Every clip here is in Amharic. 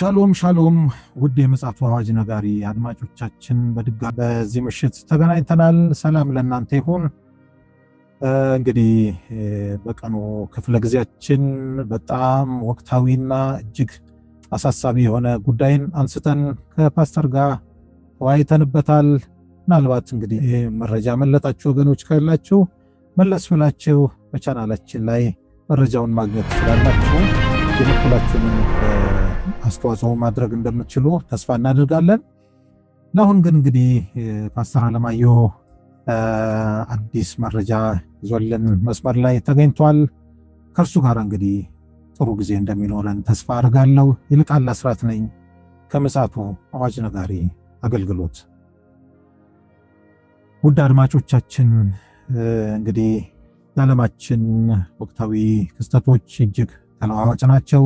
ሻሎም ሻሎም ውድ የምፅዓቱ አዋጅ ነጋሪ አድማጮቻችን በድጋ በዚህ ምሽት ተገናኝተናል። ሰላም ለእናንተ ይሁን። እንግዲህ በቀኑ ክፍለ ጊዜያችን በጣም ወቅታዊና እጅግ አሳሳቢ የሆነ ጉዳይን አንስተን ከፓስተር ጋር ተወያይተንበታል። ምናልባት እንግዲህ መረጃ መለጣችሁ ወገኖች ካላችሁ መለስ ብላችሁ በቻናላችን ላይ መረጃውን ማግኘት ትችላላችሁ። የበኩላችንን አስተዋጽኦ ማድረግ እንደምትችሉ ተስፋ እናደርጋለን። ለአሁን ግን እንግዲህ ፓስተር አለማየሁ አዲስ መረጃ ይዞልን መስመር ላይ ተገኝቷል። ከእርሱ ጋር እንግዲህ ጥሩ ጊዜ እንደሚኖረን ተስፋ አድርጋለሁ። ይልቃል አስራት ነኝ ከምፅዓቱ አዋጅ ነጋሪ አገልግሎት። ውድ አድማጮቻችን እንግዲህ የዓለማችን ወቅታዊ ክስተቶች እጅግ ተለዋዋጭ ናቸው።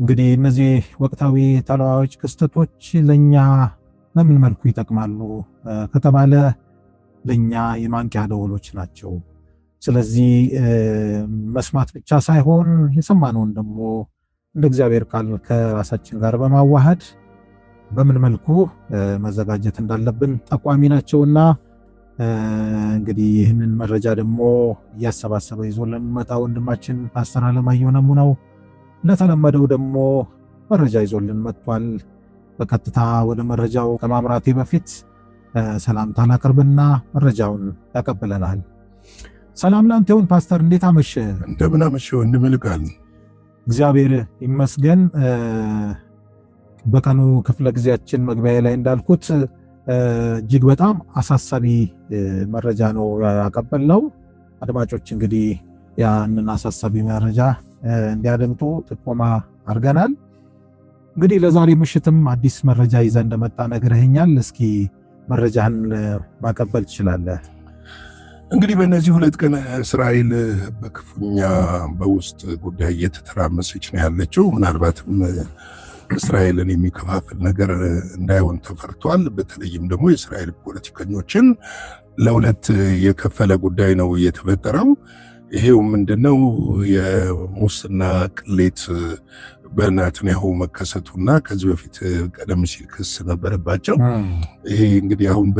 እንግዲህ እነዚህ ወቅታዊ ተለዋዋጭ ክስተቶች ለእኛ በምን መልኩ ይጠቅማሉ ከተባለ ለእኛ የማንቂያ ደወሎች ናቸው። ስለዚህ መስማት ብቻ ሳይሆን የሰማነውን ደግሞ እንደ እግዚአብሔር ቃል ከራሳችን ጋር በማዋሃድ በምን መልኩ መዘጋጀት እንዳለብን ጠቋሚ ናቸውና እንግዲህ ይህንን መረጃ ደግሞ እያሰባሰበ ይዞ ለሚመጣ ወንድማችን ፓስተር አለማየሁ ነው እንደተለመደው ደግሞ መረጃ ይዞልን መጥቷል። በቀጥታ ወደ መረጃው ከማምራቴ በፊት ሰላምታ ላቅርብና መረጃውን ያቀብለናል። ሰላም ላንተ ይሁን ፓስተር፣ እንዴት አመሸ? እንደምን አመሸ ወንድም እግዚአብሔር ይመስገን። በቀኑ ክፍለ ጊዜያችን መግቢያ ላይ እንዳልኩት እጅግ በጣም አሳሳቢ መረጃ ነው ያቀበልነው። አድማጮች እንግዲህ ያንን አሳሳቢ መረጃ እንዲያደምጡ ጥቆማ አድርገናል። እንግዲህ ለዛሬ ምሽትም አዲስ መረጃ ይዘ እንደመጣ ነግረህኛል። እስኪ መረጃህን ማቀበል ትችላለህ። እንግዲህ በእነዚህ ሁለት ቀን እስራኤል በክፉኛ በውስጥ ጉዳይ እየተተራመሰች ነው ያለችው ምናልባትም እስራኤልን የሚከፋፍል ነገር እንዳይሆን ተፈርቷል። በተለይም ደግሞ የእስራኤል ፖለቲከኞችን ለሁለት የከፈለ ጉዳይ ነው እየተፈጠረው። ይሄው ምንድነው የሙስና ቅሌት በናትንያሁ መከሰቱና ከዚህ በፊት ቀደም ሲል ክስ ነበረባቸው። ይሄ እንግዲህ አሁን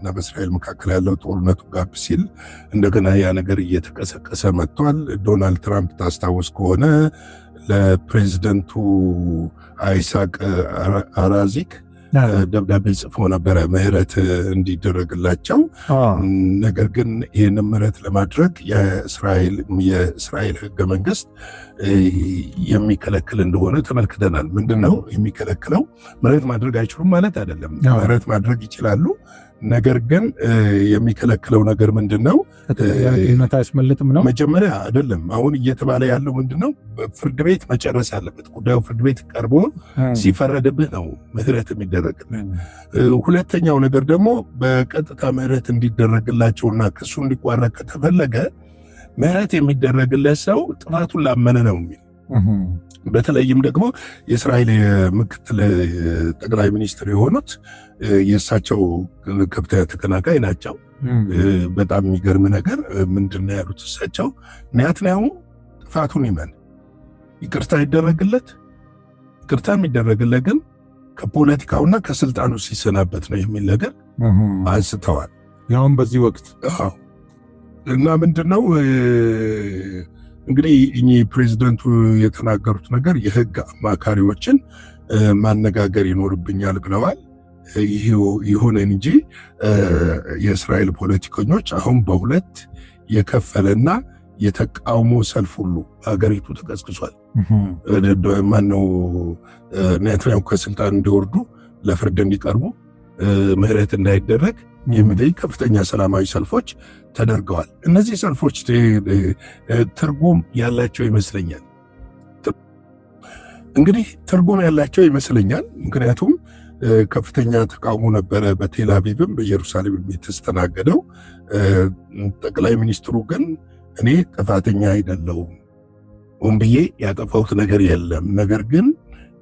እና በእስራኤል መካከል ያለው ጦርነቱ ጋብ ሲል እንደገና ያ ነገር እየተቀሰቀሰ መጥቷል። ዶናልድ ትራምፕ ታስታውስ ከሆነ ለፕሬዚደንቱ አይሳቅ አራዚክ ደብዳቤ ጽፎ ነበረ ምህረት እንዲደረግላቸው። ነገር ግን ይህን ምህረት ለማድረግ የእስራኤል ህገ መንግስት የሚከለክል እንደሆነ ተመልክተናል። ምንድን ነው የሚከለክለው? ምህረት ማድረግ አይችሉም ማለት አይደለም። ምህረት ማድረግ ይችላሉ። ነገር ግን የሚከለክለው ነገር ምንድን ነው? አያስመልጥም ነው። መጀመሪያ አይደለም። አሁን እየተባለ ያለው ምንድን ነው? ፍርድ ቤት መጨረስ አለበት ጉዳዩ። ፍርድ ቤት ቀርቦ ሲፈረድብህ ነው ምህረት የሚደረግልህ። ሁለተኛው ነገር ደግሞ በቀጥታ ምህረት እንዲደረግላቸውና ክሱ እንዲቋረጥ ከተፈለገ ምህረት የሚደረግለት ሰው ጥፋቱን ላመነ ነው የሚል በተለይም ደግሞ የእስራኤል ምክትል ጠቅላይ ሚኒስትር የሆኑት የእሳቸው ከብተ ተከናካይ ናቸው። በጣም የሚገርም ነገር ምንድን ነው ያሉት እሳቸው ኔታንያሁ ጥፋቱን ይመን ይቅርታ ይደረግለት፣ ይቅርታ የሚደረግለት ግን ከፖለቲካውና ከስልጣኑ ሲሰናበት ነው የሚል ነገር አንስተዋል። ያሁን በዚህ ወቅት እና ምንድን ነው እንግዲህ እኚህ ፕሬዚደንቱ የተናገሩት ነገር የህግ አማካሪዎችን ማነጋገር ይኖርብኛል ብለዋል። ይሁን እንጂ የእስራኤል ፖለቲከኞች አሁን በሁለት የከፈለና የተቃውሞ ሰልፍ ሁሉ ሀገሪቱ ተቀስቅሷል። ማነው ኔታንያሁ ከስልጣን እንዲወርዱ ለፍርድ እንዲቀርቡ ምህረት እንዳይደረግ የሚጠይቅ ከፍተኛ ሰላማዊ ሰልፎች ተደርገዋል። እነዚህ ሰልፎች ትርጉም ያላቸው ይመስለኛል። እንግዲህ ትርጉም ያላቸው ይመስለኛል ምክንያቱም ከፍተኛ ተቃውሞ ነበረ። በቴል አቪቭም በኢየሩሳሌምም የተስተናገደው። ጠቅላይ ሚኒስትሩ ግን እኔ ጥፋተኛ አይደለሁም ብዬ ያጠፋሁት ነገር የለም ነገር ግን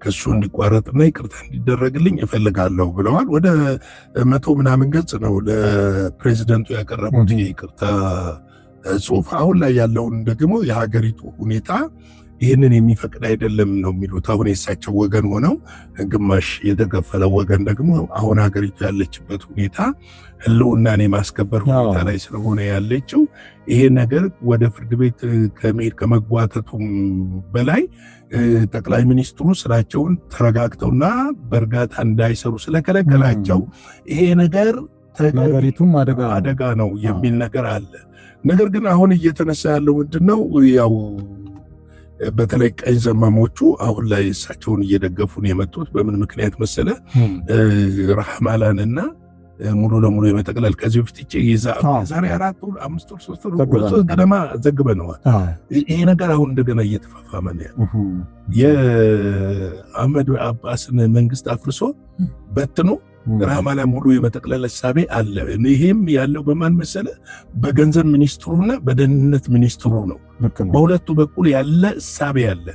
ክሱ እንዲቋረጥና ይቅርታ እንዲደረግልኝ እፈልጋለሁ ብለዋል። ወደ መቶ ምናምን ገጽ ነው ለፕሬዚደንቱ ያቀረቡት የይቅርታ ጽሁፍ። አሁን ላይ ያለውን ደግሞ የሀገሪቱ ሁኔታ ይህንን የሚፈቅድ አይደለም ነው የሚሉት። አሁን የሳቸው ወገን ሆነው ግማሽ የተከፈለ ወገን ደግሞ አሁን ሀገሪቱ ያለችበት ሁኔታ ሕልውናን የማስከበር ሁኔታ ላይ ስለሆነ ያለችው ይሄ ነገር ወደ ፍርድ ቤት ከመሄድ ከመጓተቱም በላይ ጠቅላይ ሚኒስትሩ ስራቸውን ተረጋግተውና በእርጋታ እንዳይሰሩ ስለከለከላቸው ይሄ ነገር ሀገሪቱም አደጋ ነው የሚል ነገር አለ። ነገር ግን አሁን እየተነሳ ያለው ምንድን ነው ያው በተለይ ቀኝ ዘማሞቹ አሁን ላይ እሳቸውን እየደገፉን የመጡት በምን ምክንያት መሰለ ራህማላን እና ሙሉ ለሙሉ የመጠቅለል ከዚህ በፊት ዛሬ አራት ወር አምስት ወር ሶስት ወር ገደማ ዘግበነዋል። ይሄ ነገር አሁን እንደገና እየተፋፋመ ነው ያለ። የአህመድ አባስን መንግስት አፍርሶ በትኖ ራማ ላይ ሙሉ የመጠቅለል እሳቤ አለ። ይሄም ያለው በማን መሰለ? በገንዘብ ሚኒስትሩና በደህንነት ሚኒስትሩ ነው። በሁለቱ በኩል ያለ እሳቤ አለ።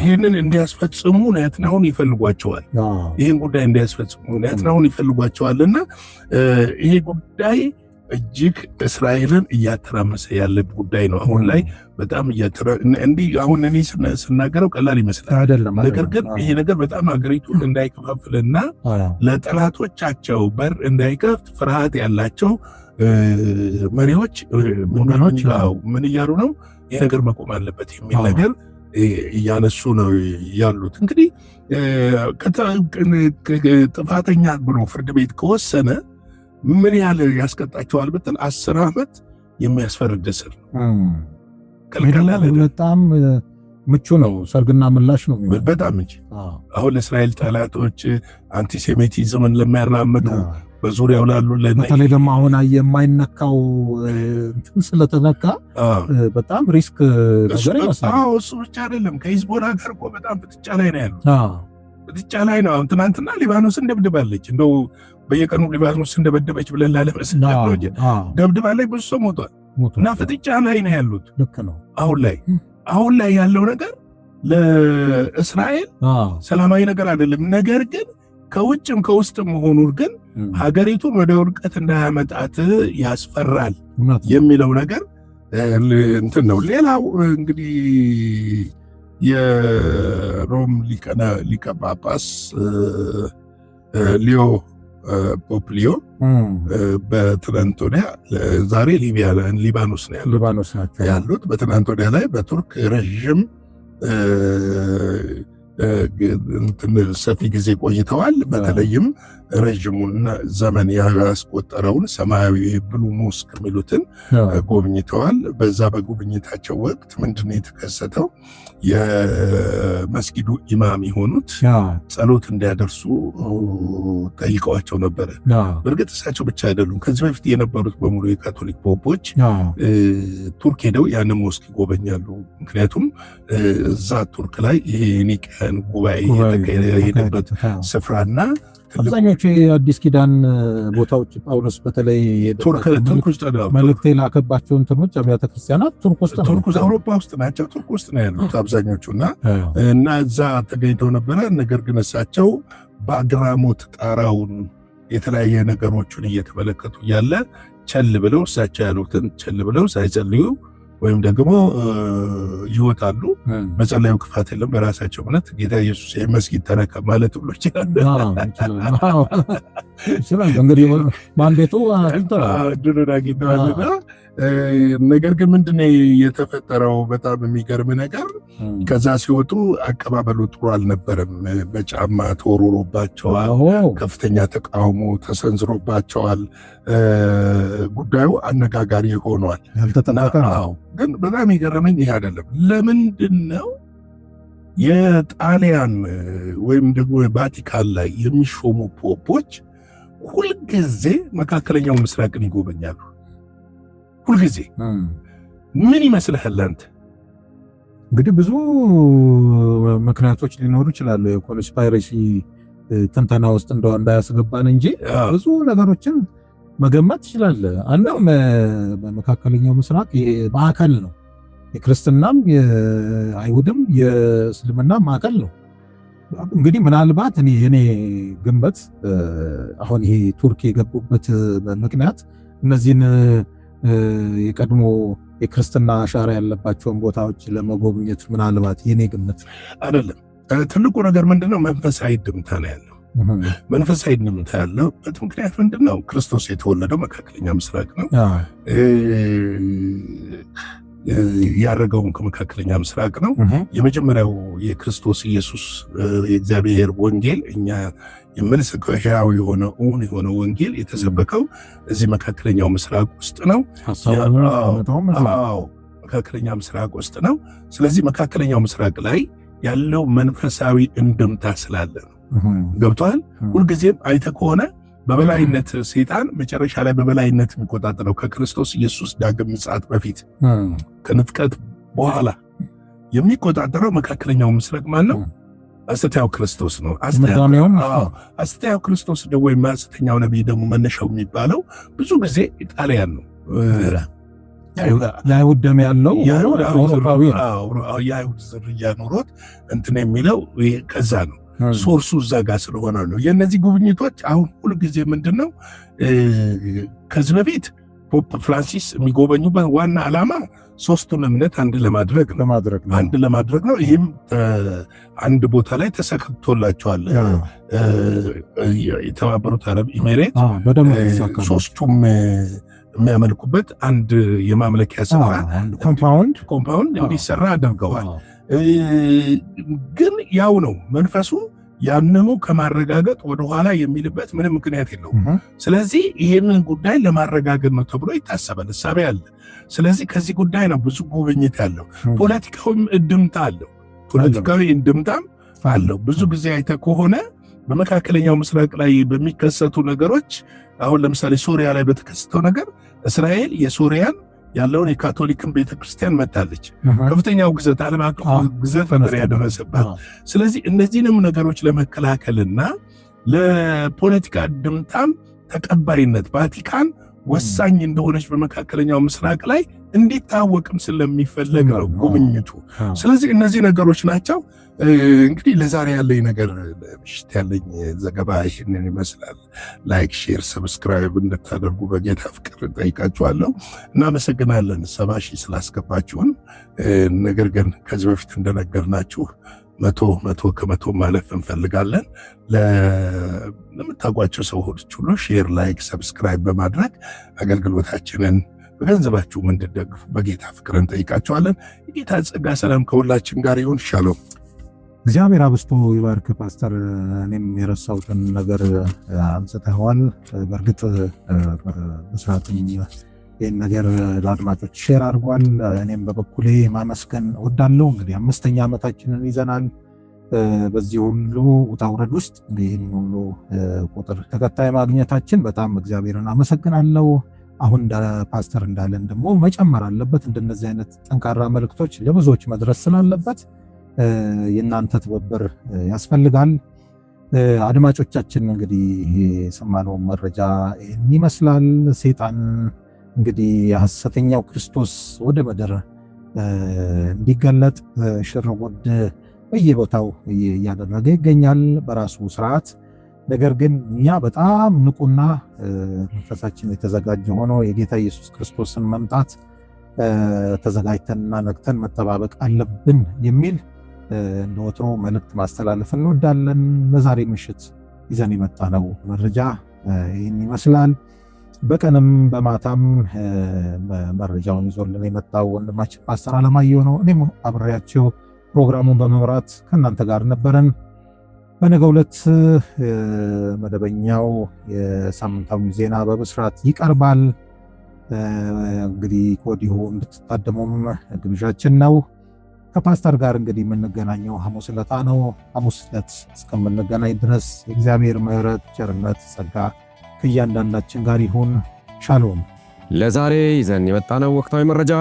ይህንን እንዲያስፈጽሙ ናትናሁን ይፈልጓቸዋል። ይህን ጉዳይ እንዲያስፈጽሙ ናትናሁን እና ይሄ ጉዳይ እጅግ እስራኤልን እያተራመሰ ያለ ጉዳይ ነው። አሁን ላይ በጣም እንዲህ አሁን እኔ ስናገረው ቀላል ይመስላል። ነገር ግን ይሄ ነገር በጣም ሀገሪቱን እንዳይከፋፍልና ለጠላቶቻቸው በር እንዳይከፍት ፍርሃት ያላቸው መሪዎች ምኖች ምን እያሉ ነው? ይህ ነገር መቆም አለበት የሚል ነገር እያነሱ ነው ያሉት። እንግዲህ ጥፋተኛ ብሎ ፍርድ ቤት ከወሰነ ምን ያህል ያስቀጣቸዋል ብትል አስር ዓመት የሚያስፈርድ እስር ነው። በጣም ምቹ ነው። ሰርግና ምላሽ ነው በጣም እንጂ አሁን ለእስራኤል ጠላቶች አንቲሴሚቲዝምን ለሚያራምዱ በዙሪያው ላሉ በተለይ ደግሞ አሁን የማይነካው ስለተነካ በጣም ሪስክ ነገር ይመስላል። እሱ ብቻ አይደለም፣ ከሂዝቦላ ጋር እኮ በጣም ፍጥጫ ላይ ነው ያለው። ፍጥጫ ላይ ነው። አሁን ትናንትና ሊባኖስን ደብድባለች እንደው በየቀኑ ሊባኖስ እንደበደበች ብለን ላለመስ ደብድባ ላይ ብዙ ሰው ሞቷል እና ፍጥጫ ላይ ነው ያሉት። አሁን ላይ አሁን ላይ ያለው ነገር ለእስራኤል ሰላማዊ ነገር አይደለም። ነገር ግን ከውጭም ከውስጥም መሆኑ ግን ሀገሪቱን ወደ ውድቀት እንዳያመጣት ያስፈራል የሚለው ነገር እንትን ነው። ሌላው እንግዲህ የሮም ሊቀ ጳጳስ ሊዮ ፖፕሊዮ በትናንቶኒያ ዛሬ ሊቢያ ሊባኖስ ነው ያሉት ያሉት ላይ በቱርክ ረዥም ሰፊ ጊዜ ቆይተዋል። በተለይም ረዥሙና ዘመን ያስቆጠረውን ሰማያዊ ብሉ ሞስክ የሚሉትን ጎብኝተዋል። በዛ በጉብኝታቸው ወቅት ምንድነው የተከሰተው? የመስጊዱ ኢማም የሆኑት ጸሎት እንዲያደርሱ ጠይቀዋቸው ነበረ። በእርግጥ እሳቸው ብቻ አይደሉም። ከዚህ በፊት የነበሩት በሙሉ የካቶሊክ ፖፖች ቱርክ ሄደው ያንን ሞስክ ይጎበኛሉ። ምክንያቱም እዛ ቱርክ ላይ ይሄ ኒቅያን ጉባኤ የተካሄደበት ስፍራና አብዛኞቹ የአዲስ ኪዳን ቦታዎች ጳውሎስ በተለይ ቱርክ ውስጥ መልእክት የላከባቸው እንትኖች አብያተ ክርስቲያናት ቱርክ ውስጥ ነው፣ አውሮፓ ውስጥ ናቸው፣ ቱርክ ውስጥ ነው ያሉት አብዛኞቹ እና እና እዛ ተገኝተው ነበረ። ነገር ግን እሳቸው በአግራሞት ጣራውን የተለያየ ነገሮቹን እየተመለከቱ እያለ ቸል ብለው እሳቸው ያሉትን ቸል ብለው ሳይጸልዩ ወይም ደግሞ ይወጣሉ። መጸለዩ ክፋት የለም። በራሳቸው እምነት ጌታ ኢየሱስ የመስጊድ ተረከብ ማለት ብሎ ይችላል። እንግዲህ ማንዴቱ ድሉን አግኝተዋልና ነገር ግን ምንድነው የተፈጠረው? በጣም የሚገርም ነገር ከዛ ሲወጡ አቀባበሉ ጥሩ አልነበረም። በጫማ ተወርሮባቸዋል። ከፍተኛ ተቃውሞ ተሰንዝሮባቸዋል። ጉዳዩ አነጋጋሪ ሆኗል። ግን በጣም የገረመኝ ይህ አይደለም። ለምንድን ነው የጣሊያን ወይም ደግሞ የቫቲካን ላይ የሚሾሙ ፖፖች ሁልጊዜ መካከለኛው ምስራቅን ይጎበኛሉ? ሁልጊዜ ምን ይመስልሃል አንተ? እንግዲህ ብዙ ምክንያቶች ሊኖሩ ይችላሉ። የኮንስፓይሬሲ ትንተና ውስጥ እንደው እንዳያስገባን እንጂ ብዙ ነገሮችን መገመት ይችላል። አንደው በመካከለኛው ምስራቅ ማዕከል ነው። የክርስትናም የአይሁድም የእስልምና ማዕከል ነው። እንግዲህ ምናልባት እኔ የኔ ግንበት አሁን ይሄ ቱርክ የገቡበት ምክንያት እነዚህን የቀድሞ የክርስትና አሻራ ያለባቸውን ቦታዎች ለመጎብኘት ምናልባት የኔ ግምት አይደለም። ትልቁ ነገር ምንድነው? መንፈሳዊ ድምታ ነው ያለው። መንፈሳዊ ድምታ ያለበት ምክንያት ምንድነው? ክርስቶስ የተወለደው መካከለኛ ምስራቅ ነው። ያደረገውን ከመካከለኛ ምስራቅ ነው። የመጀመሪያው የክርስቶስ ኢየሱስ የእግዚአብሔር ወንጌል እኛ የምንሰብከው ሕያው የሆነ እውን የሆነ ወንጌል የተሰበከው እዚህ መካከለኛው ምስራቅ ውስጥ ነው። መካከለኛ ምስራቅ ውስጥ ነው። ስለዚህ መካከለኛው ምስራቅ ላይ ያለው መንፈሳዊ እንድምታ ስላለ ነው። ገብቶሃል? ሁልጊዜም አይተ ከሆነ በበላይነት ሴጣን መጨረሻ ላይ በበላይነት የሚቆጣጠረው ከክርስቶስ ኢየሱስ ዳግም ምጽአት በፊት ከንጥቀት በኋላ የሚቆጣጠረው መካከለኛው ምስራቅ ማን ነው? አስተያው ክርስቶስ ነው። አስተያው ክርስቶስ ደግሞ ወይም የሐሰተኛው ነቢይ ደግሞ መነሻው የሚባለው ብዙ ጊዜ ጣሊያን ነው። የአይሁድ ደም ያለው የአይሁድ ዝርያ ኑሮት እንትን የሚለው ከዛ ነው ሶርሱ እዛ ጋር ስለሆነ ነው። የእነዚህ ጉብኝቶች አሁን ሁልጊዜ ምንድን ነው ከዚህ በፊት ፖፕ ፍራንሲስ የሚጎበኙበት ዋና ዓላማ ሶስቱን እምነት አንድ ለማድረግ አንድ ለማድረግ ነው። ይህም አንድ ቦታ ላይ ተሰክቶላቸዋል። የተባበሩት አረብ ኢሜሬት ሶስቱም የሚያመልኩበት አንድ የማምለኪያ ስፍራ ኮምፓውንድ እንዲሰራ አድርገዋል። ግን ያው ነው መንፈሱ ያንኑ ከማረጋገጥ ወደኋላ የሚልበት ምንም ምክንያት የለውም። ስለዚህ ይህንን ጉዳይ ለማረጋገጥ ነው ተብሎ ይታሰባል፣ እሳቤ አለ። ስለዚህ ከዚህ ጉዳይ ነው ብዙ ጉብኝት ያለው። ፖለቲካዊም እድምታ አለው፣ ፖለቲካዊ እድምታም አለው። ብዙ ጊዜ አይተ ከሆነ በመካከለኛው ምስራቅ ላይ በሚከሰቱ ነገሮች አሁን ለምሳሌ ሶሪያ ላይ በተከሰተው ነገር እስራኤል የሶሪያን ያለውን የካቶሊክን ቤተክርስቲያን መታለች። ከፍተኛው ግዘት ዓለም አቀፍ ግዘት ነበር ያደረሰባት። ስለዚህ እነዚህንም ነገሮች ለመከላከልና ለፖለቲካ ድምጣም ተቀባይነት ቫቲካን ወሳኝ እንደሆነች በመካከለኛው ምስራቅ ላይ እንዲታወቅም ስለሚፈለግ ነው ጉብኝቱ። ስለዚህ እነዚህ ነገሮች ናቸው። እንግዲህ ለዛሬ ያለኝ ነገር ለምሽት ያለኝ ዘገባ ይህንን ይመስላል። ላይክ፣ ሼር፣ ሰብስክራይብ እንድታደርጉ በጌታ ፍቅር ጠይቃችኋለሁ። እናመሰግናለን ሰባ ሺህ ስላስገባችሁን። ነገር ግን ከዚህ በፊት እንደነገርናችሁ መቶ መቶ ከመቶ ማለፍ እንፈልጋለን። ለምታውቋቸው ሰዎች ሁሉ ሼር፣ ላይክ፣ ሰብስክራይብ በማድረግ አገልግሎታችንን በገንዘባችሁም እንድደግፉ በጌታ ፍቅር እንጠይቃቸዋለን። የጌታ ጸጋ ሰላም ከሁላችን ጋር ይሁን። ሻሎም እግዚአብሔር አብስቶ ይባርክ። ፓስተር እኔም የረሳሁትን ነገር አንስተዋል። በእርግጥ በስርዓትም ይህን ነገር ለአድማጮች ሼር አድርጓል። እኔም በበኩሌ ማመስገን ወዳለው። እንግዲህ አምስተኛ ዓመታችንን ይዘናል። በዚህ ሁሉ ውጣውረድ ውስጥ ይህን ሁሉ ቁጥር ተከታይ ማግኘታችን በጣም እግዚአብሔርን አመሰግናለው። አሁን ፓስተር እንዳለን ደግሞ መጨመር አለበት። እንደነዚህ አይነት ጠንካራ መልእክቶች ለብዙዎች መድረስ ስላለበት የእናንተ ትብብር ያስፈልጋል። አድማጮቻችን እንግዲህ የሰማነውን መረጃ ይህን ይመስላል። ሴጣን እንግዲህ የሐሰተኛው ክርስቶስ ወደ ምድር እንዲገለጥ ሽር ጉድ በየቦታው እያደረገ ይገኛል በራሱ ስርዓት። ነገር ግን እኛ በጣም ንቁና መንፈሳችን የተዘጋጀ ሆኖ የጌታ ኢየሱስ ክርስቶስን መምጣት ተዘጋጅተንና ነቅተን መጠባበቅ አለብን የሚል እንደወትሮ መልእክት ማስተላለፍ እንወዳለን። በዛሬ ምሽት ይዘን የመጣ ነው መረጃ ይህን ይመስላል። በቀንም በማታም መረጃውን ይዞልን የመጣው ወንድማችን ፓስተር አለማየሁ ነው። እኔም አብሬያቸው ፕሮግራሙን በመምራት ከእናንተ ጋር ነበረን። በነገ ሁለት መደበኛው የሳምንታዊ ዜና በብስራት ይቀርባል። እንግዲህ ወዲሁ እንድትታደሙም ግብዣችን ነው። ከፓስተር ጋር እንግዲህ የምንገናኘው ሐሙስ ዕለት ነው። ሐሙስ ዕለት እስከምንገናኝ ድረስ የእግዚአብሔር ምሕረት፣ ቸርነት፣ ጸጋ ከእያንዳንዳችን ጋር ይሁን። ሻሎም። ለዛሬ ይዘን የመጣነው ወቅታዊ መረጃ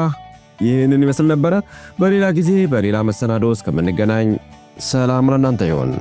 ይህንን ይመስል ነበረ። በሌላ ጊዜ በሌላ መሰናዶ እስከምንገናኝ ሰላም ለእናንተ ይሆን።